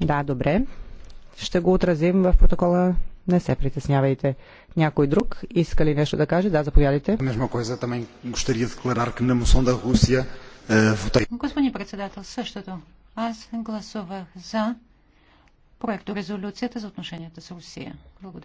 Да, добре. Ще го отразим в протокола. Не се притеснявайте. Някой друг иска ли нещо да каже? Да, заповядайте. Eh, Господин председател, същото. Аз гласувах за проекто резолюцията за отношенията с Русия. Благодаря.